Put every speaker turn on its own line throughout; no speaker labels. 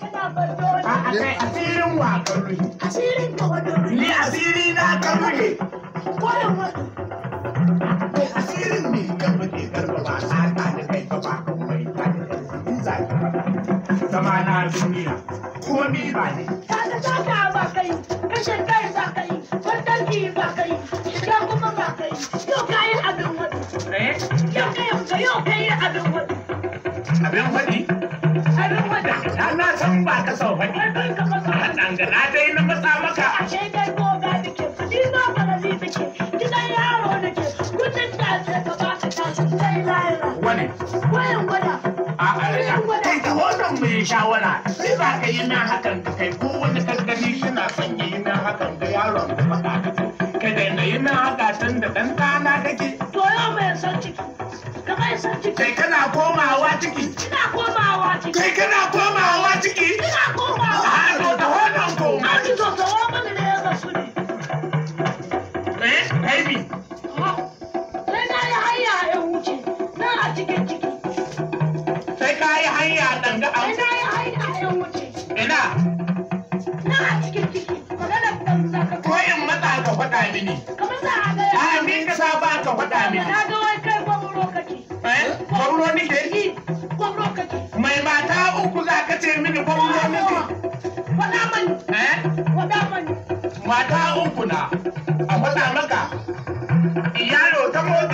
a kai asirin wa ka rufe asirin ka ni asiri na ka rufe asirin ne ka rufe garba ba ta da kai ba ba mai ta da kai zama na duniya kuma ni ba ne ta ta ta ba kai kashe ba kai shiga kuma ba kai yau ka yi abin wani yau ka ka yau ka abin wani abin wani sau faɗi. Ɗangana dai na matsa maka. Ashe da ke kuɗi na farari da yaro da ke kuɗin da ke ka gwada. A arena. Kai ka shawara. Sai ba ka yi min hakan ka kai ko wani kankani suna son yi min hakan ga yaron da maka kake. Ka daina yi na haka tun da ɗan ɗana kake. To yau mai son ciki. Ka bai son ciki. Kai kana komawa ciki. Ina komawa ciki. Kai kana komawa ciki. hanya danga a wuce. Ina. Na a cikin ciki. Magana ka. Ko in matsa ka faɗa mini. Ka matsa a ga. A mi ka sa ba ka faɗa mini. Na ga wai kai gwamro kake. Eh? Gwamro nike? Ni. Gwamro kake. Mai mata uku za ka ce mini gwamro nike. Faɗa mani. Eh? Faɗa mani. Mata uku na. A faɗa maka. Yaro ta mota.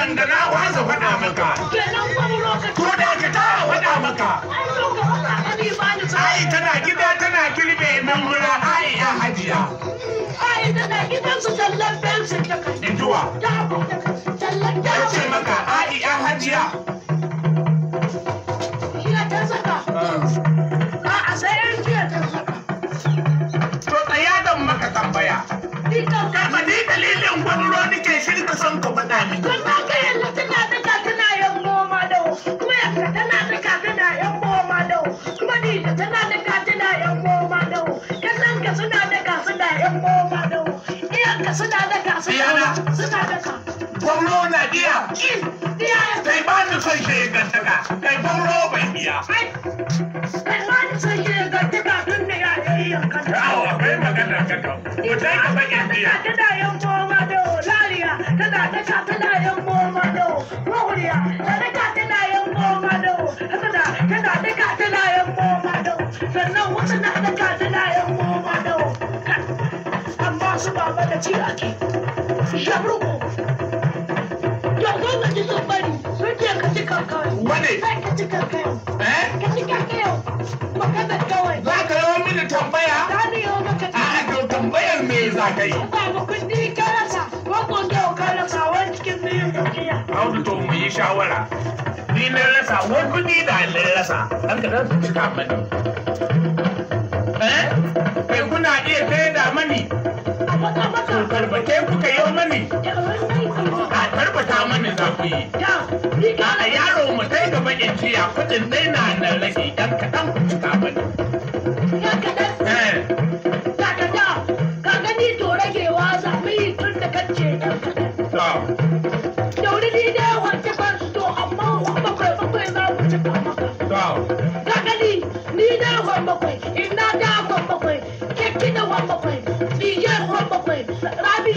waɗanda na za faɗa maka ko da ka ta faɗa maka ai tana gida tana girbe nan mura ai ya hajiya ai tana gidan su tallan fensin ta kai injuwa ta ce maka ai ya hajiya ina ta saka ah. a a sai jiya ta saka to tsaya don maka tambaya ka faɗi dalilin gwamnati ke shirka son ka faɗa mini daka suna daka suna daka gwamno na biya kai ba ni son shi gantaka kai gwamno bai biya kai ba ni son shi gantaka tun da ya ɗaya yankanta yawo akwai magana ta kan ko ta ka bakin biya tana yan goma da lariya ta da tana ta tana yan goma da wuriya ta daka tana yan goma da ta tana daka tana yan goma da sannan wasu na da ta tana yan goma zuba mata a ake sharuku yanzu ka ji sun bari sun je ka ci kankayo wane sai ka ci kankayo eh ka kawai za ka yi mini tambaya za ni maka tambaya a ah, to tambayar me za ka yi ba mu kundi ka rasa ko kundi ka rasa wani cikin biyun dukiya audu to mu yi shawara ni na rasa wani da na rasa an ka rasa cika mani eh bai kuna iya sai da mani Tarbace kuka yi mani. A tarbata mani zafi ku yi. A yaro mu sai gaba in ciya kudin dai na nan rage dan kaɗan ku cika mani. Eh. ka gani to ragewa sami tun da kacce dan kaɗan. Da wuri ni dai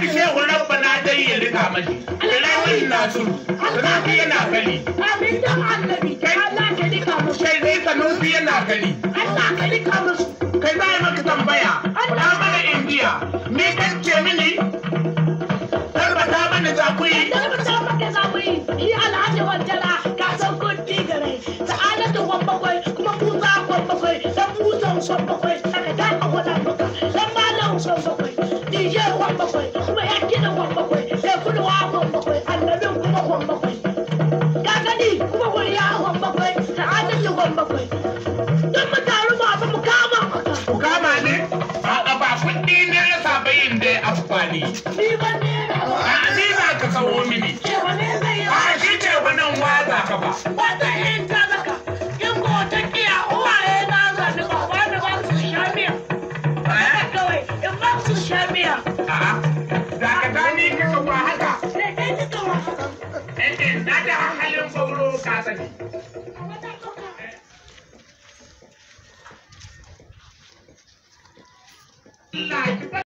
annabi shehu rabbana dai ya rika mashi ramin nasiru rafi yana kali amin dan annabi Allah ka rika musu kai rika nufi yana kali Allah ka rika musu kai za maka tambaya na mana indiya me kace mini tabbata mana za ku yi tabbata maka za ku yi ni alhaji wajala ka san kun tigare sa'adatu wabbakwai kuma ku za wabbakwai dan musan wabbakwai bakwai don mu taru baba mu kama maka ku kama ne a ba kuɗi ne ya saba yin da ya afkwani ni ba ne a ni za ka sawo mini a shi ce wannan waza ka ba wata yin ta zaka in ko ta kiya uwaye na zani ba ba da ba su sha miya ba kawai in ba su sha miya za ka ta gani ka kawo haka ne eh, eh, na da hankalin sauro ka sani